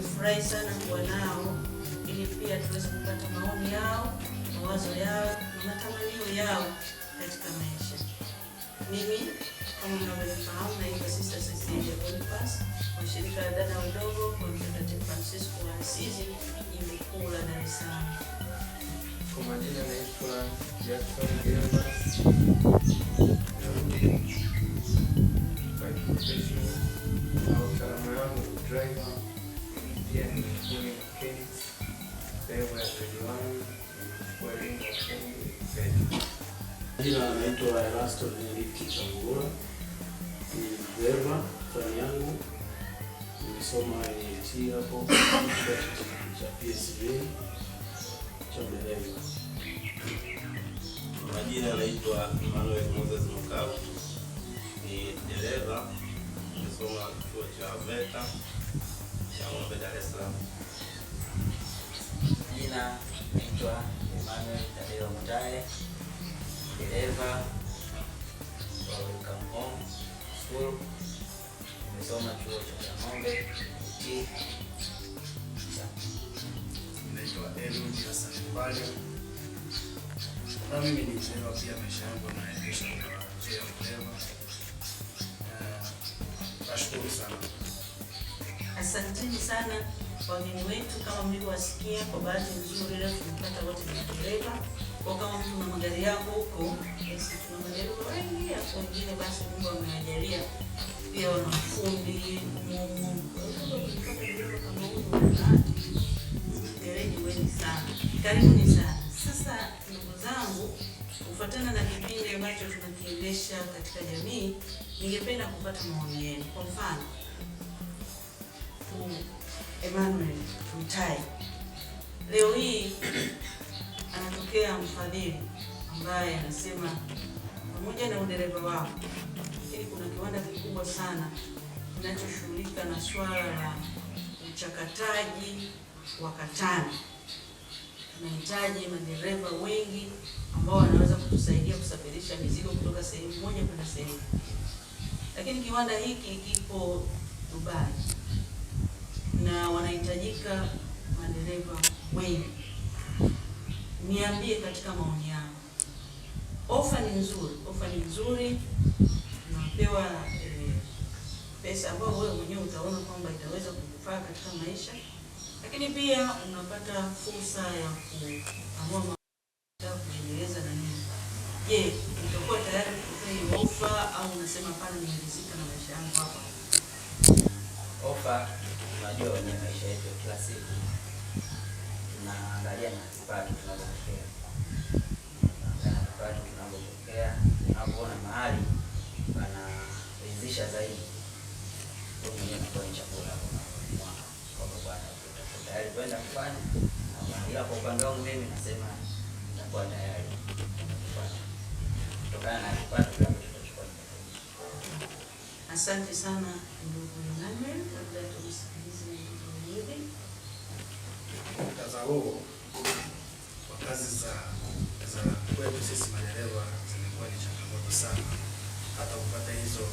Nimefurahi sana kuwa nao ili pia tuweze kupata maoni yao, mawazo yao na matamanio yao katika maisha. Mimi kama mnavyofahamu, naitwa Sister Cecilia Boniface wa shirika la dada wadogo kwa Mtakatifu Francisco wa Asizi, jimbo la Dar es Salaam. Kwa majina naitwa Jackson Gemba. Kiswahili cha dereva. Majina anaitwa Emmanuel Moses Mukavu, ni dereva, nimesoma chuo cha VETA cha Ng'ombe, Dar es Salaam. Jina naitwa Emmanuel Tadeo Mutaye, dereva wa Welcome Home School, nimesoma chuo cha Ng'ombe naitwa Edwin Hassan Mbaga, na mimi ni mlewa pia. Maisha yangu yanaendeshwa kwa njia ya ulewa. Nashukuru sana. Asanteni sana wageni wetu, kama mlivyowasikia, kwa bahati nzuri leo tumepata wote madereva. Kwa kama mtu na magari yako huko, basi tuna madereva wengi, afu wengine basi Mungu amewajalia pia wanafundi mumu Karibuni sana, karibuni sana. Sasa ndugu zangu, kufuatana na kipindi ambacho tunakiendesha katika jamii, ningependa kupata maoni yenu. Kwa mfano Emmanuel Mtai leo hii anatokea mfadhili ambaye anasema pamoja na udereva wako, lakini kuna kiwanda kikubwa sana kinachoshughulika na swala la uchakataji wa katani tunahitaji madereva wengi ambao wanaweza kutusaidia kusafirisha mizigo kutoka sehemu moja kwenda sehemu lakini kiwanda hiki kipo Dubai na wanahitajika madereva wengi. Niambie katika maoni yao ofa ni nzuri, ofa ni nzuri, tunapewa e, eh, pesa ambayo wewe mwenyewe utaona kwamba itaweza kukufaa katika maisha lakini pia unapata fursa ya kuamua kujieleza na nini. Je, utakuwa tayari kupokea ofa au unasema pale nimeridhika na maisha yangu hapa? Ofa unajua, wenye maisha yetu kila siku tunaangalia na kipato tunavyopokea, tunaangalia kipato tunavyopokea, tunapoona mahali panaridhisha zaidi Asante sana ndugu Mgame, labda tusikilize mwenyewe mtazamo kwa kazi za za kwetu sisi madereva. Zimekuwa ni changamoto sana, hata kupata hizo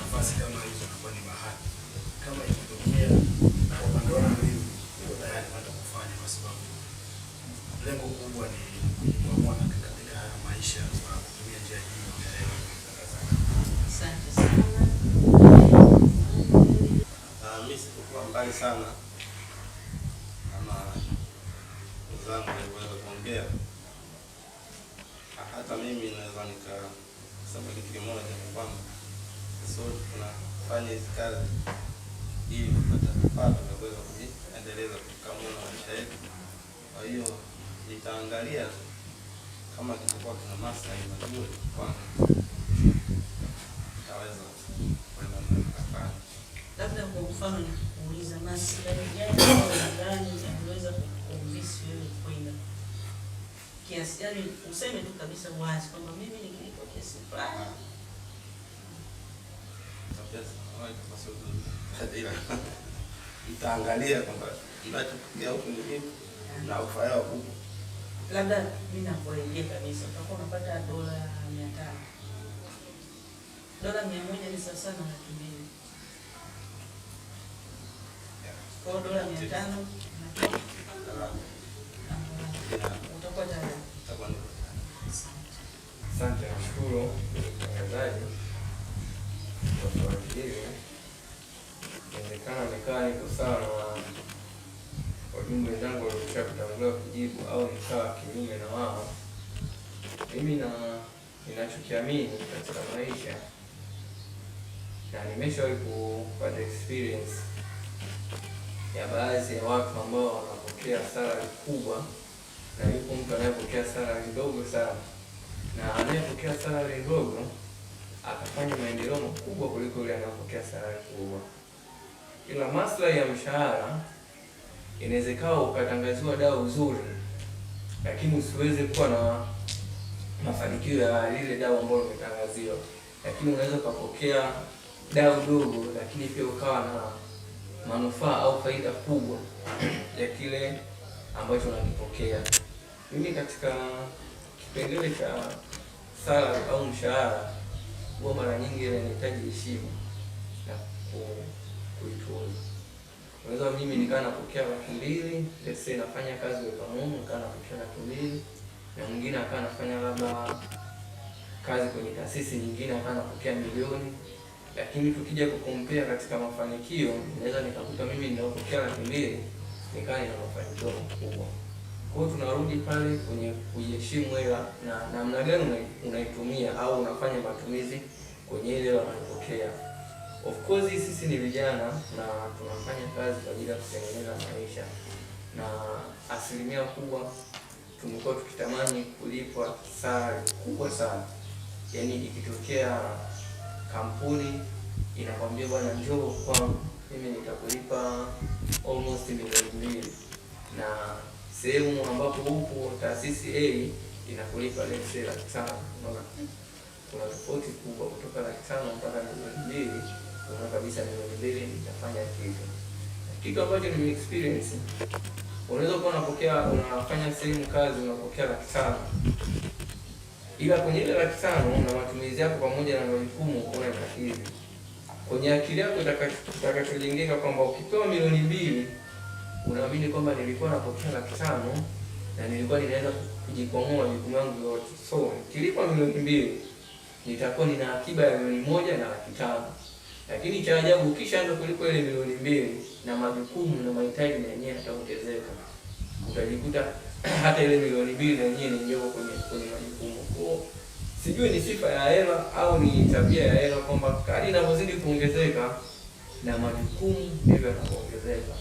nafasi kama hizo nakuwa ni bahati. Kama ikitokea na upande wangu mimi, niko tayari hata kufanya, kwa sababu lengo kubwa ni kuamua katika maisha kwa kutumia njia hii ya udereva. Asante. asante sana kama zangu niliweza kuongea, hata mimi naweza nikasema kitu kimoja kwamba sote tunafanya hizi kazi ili kupata kipato na kuweza kujiendeleza kukamua maisha yetu. Kwa hiyo nitaangalia kama kitakuwa kina maslahi mazuri kwangu nitaweza kwenda kufanya kuuliza maslahi gani gani yanaweza kukuruhusu wewe kwenda kiasi gani, useme tu kabisa wazi kwamba mimi nikilipo kiasi fulani itaangalia kwamba inachofikia huku ni nini na ufaya wakubwa. Labda mimi nakuelekea kabisa, utakuwa unapata dola mia tano dola mia moja ni sawa sana laki mbili kwa dola mia tano Asante, nashukuru mtangazaji afatilio. Inawezekana nikawa niko sawa na wajumbe wenzangu waliokwisha kutangulia kujibu, au nikaa kinyume na wao. Mimi na ninachokiamini katika maisha na nimeshawahi kupata experience ya baadhi ya watu ambao wanapokea salary kubwa na yupo mtu anayepokea salary ndogo sana, na anayepokea salary ndogo akafanya maendeleo makubwa kuliko yule anayepokea salary kubwa. Ila maslahi ya mshahara, inawezekana ukatangaziwa dawa uzuri, lakini usiweze kuwa na mafanikio ya lile dawa ambalo umetangaziwa, lakini unaweza ukapokea dawa ndogo, lakini pia ukawa na manufaa au faida kubwa ya kile ambacho unakipokea. Mimi katika kipengele cha sala au mshahara huwa mara nyingi inahitaji heshima na kuitunza. Unaweza mimi nikaa napokea laki mbili, let's say nafanya kazi weka Mungu nikaa napokea laki mbili, na mwingine akaa nafanya labda kazi kwenye taasisi nyingine akaa napokea milioni lakini tukija kukompea katika mafanikio, naweza nikakuta mimi ninapokea laki mbili nikawa nina mafanikio makubwa. Kwa hiyo tunarudi pale kwenye kuiheshimu hela na namna gani unaitumia au unafanya matumizi kwenye ile hela unayopokea. Of course sisi ni vijana na tunafanya kazi kwa ajili ya kutengeneza maisha, na asilimia kubwa tumekuwa tukitamani kulipwa sare kubwa sana, yaani ikitokea kampuni inakwambia bwana, njoo kwangu, mimi nitakulipa almost milioni mbili, na sehemu ambapo huku taasisi A inakulipa lese say laki tano. Unaona kuna tofauti kubwa kutoka laki tano mpaka milioni mbili. Unaona kabisa milioni mbili nitafanya kitu kitu ambacho ni experience. Unaweza kuwa unapokea unafanya sehemu kazi unapokea laki tano ila kwenye ile laki tano na matumizi yako pamoja na majukumu una nakidhi kwenye akili yako itakachojengeka kwamba ukipewa milioni mbili unaamini kwamba nilikuwa napokea laki tano na nilikuwa ninaenda kujikwamua majukumu yangu yote, so nikilipa milioni mbili nitakuwa nina akiba ya milioni moja na laki tano. Lakini cha ajabu, ukishaanza kulipa ile milioni mbili na majukumu na mahitaji na yenyewe yataongezeka, utajikuta hata ile milioni mbili na yenyewe ni kwenye kwenye majukumu sijui ni sifa ya hela au ni tabia ya hela, kwamba kadi inavyozidi kuongezeka na majukumu ndivyo yanavyoongezeka.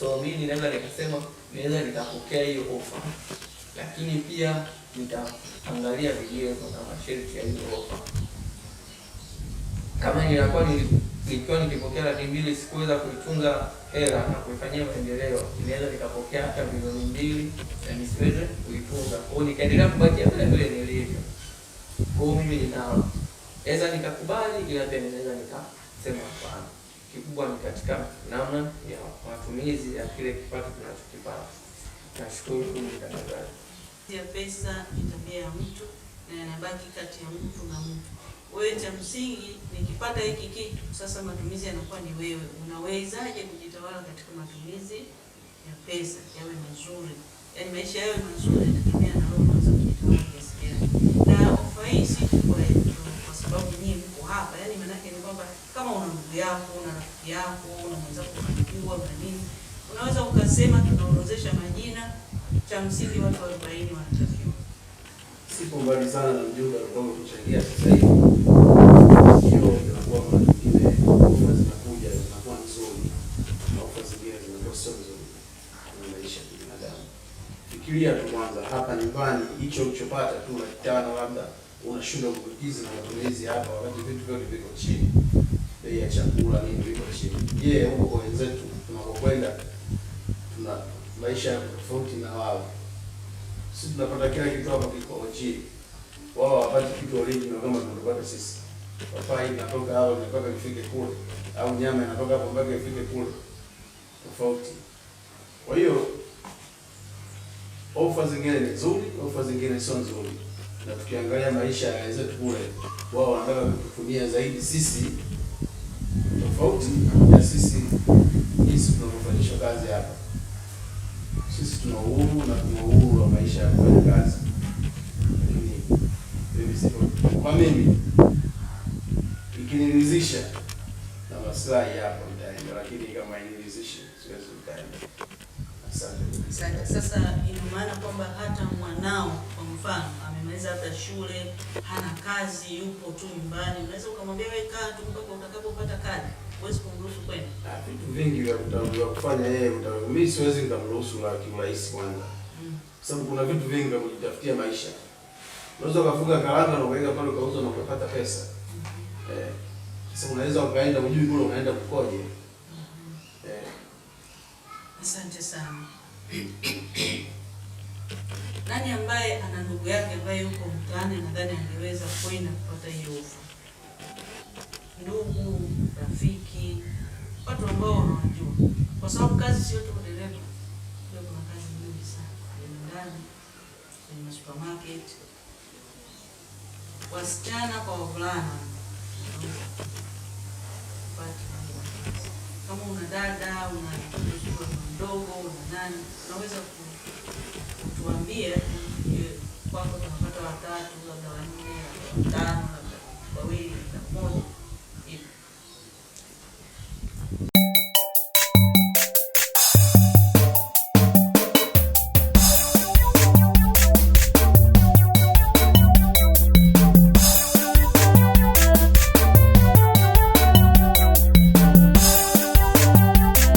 So mimi ninaweza nikasema naweza nikapokea hiyo ofa, lakini pia nitaangalia vigezo na masharti ya hiyo ofa. Kama ninakuwa nikiwa nikipokea laki mbili sikuweza kuitunza hela na kuifanyia maendeleo, inaweza nikapokea hata milioni mbili na nisiweze kuitunza kwao, nikaendelea kubakia vile vile nilivyo. Kwa mimi ninao naweza nikakubali, ila pia ninaweza nikasema hapana. Kikubwa ni katika namna ya matumizi ya kile kipato tunachokipata. Nashukuru mtangazaji. Ya pesa ni tabia ya mtu na yanabaki kati ya mtu na mtu. Wewe cha msingi nikipata hiki kitu sasa, matumizi yanakuwa ni wewe. Unawezaje kujitawala katika matumizi ya pesa yawe mazuri, yaani maisha yawe mazuri, natumia kama una ndugu yako na rafiki yako na mwenzako na nini, unaweza ukasema tunaorozesha majina, cha msingi watu 40 wanatakiwa. Sipo mbali sana na mjumbe ambao umechangia sasa hivi, Fikiria tu kwanza hapa nyumbani, hicho ulichopata tu laki tano labda unashindwa kukikizi na matumizi hapa, wakati vitu vyote viko chini bei ya chakula nini viko chini. Je, huko kwa wenzetu tunakokwenda tuna maisha ya tofauti na wao. Sisi tunapata kila kitu hapa kwa Injili. Wao hawapati kitu original kama tunapata sisi. Papai inatoka hapo inatoka ifike kule au nyama inatoka hapo mpaka ifike kule. Tofauti. Kwa hiyo ofa zingine ni nzuri, ofa zingine sio nzuri. Na tukiangalia maisha ya wenzetu kule, wao wanataka kutufunia zaidi sisi tofauti na sisi jinsi tunavyofanyisha kazi hapa. Sisi tuna uhuru na tuna uhuru wa maisha ya kufanya kazi, lakini kwa mimi ikiniridhisha na maslahi hapa nitaenda, lakini kama hainiridhishi siwezi nitaenda. Asante. Sasa ina maana kwamba hata mwanao kwa mfano amemaliza hata shule, hana kazi, yupo tu nyumbani, unaweza ukamwambia wewe kaa tu mpaka utakapopata kazi. Huwezi kumruhusu kwenda. Ah, vitu vingi vya kutambua kufanya yeye mtangulia. Mimi siwezi nikamruhusu na kimaisi kwanza. Mm. Kwa sababu kuna vitu vingi vya kujitafutia maisha. Unaweza ukafunga karanga na ukaenda pale ukauza na ukapata pesa. Mm-hmm. Eh. Sasa unaweza ukaenda ujui kule unaenda kukoje. Mm-hmm. Eh. Asante sana. Nani ambaye ana ndugu yake ambaye yuko mtaani, nadhani angeweza kwenda kupata hiyo ofa? Ndugu, rafiki, watu ambao wanajua, kwa sababu kazi sio tu dereva, ndio kuna kazi nyingi sana ndani kwenye supermarket, wasichana kwa wavulana. Kama una dada una mdogo una nani, unaweza kuambia eh, kwamba tunapata watatu labda wanne watano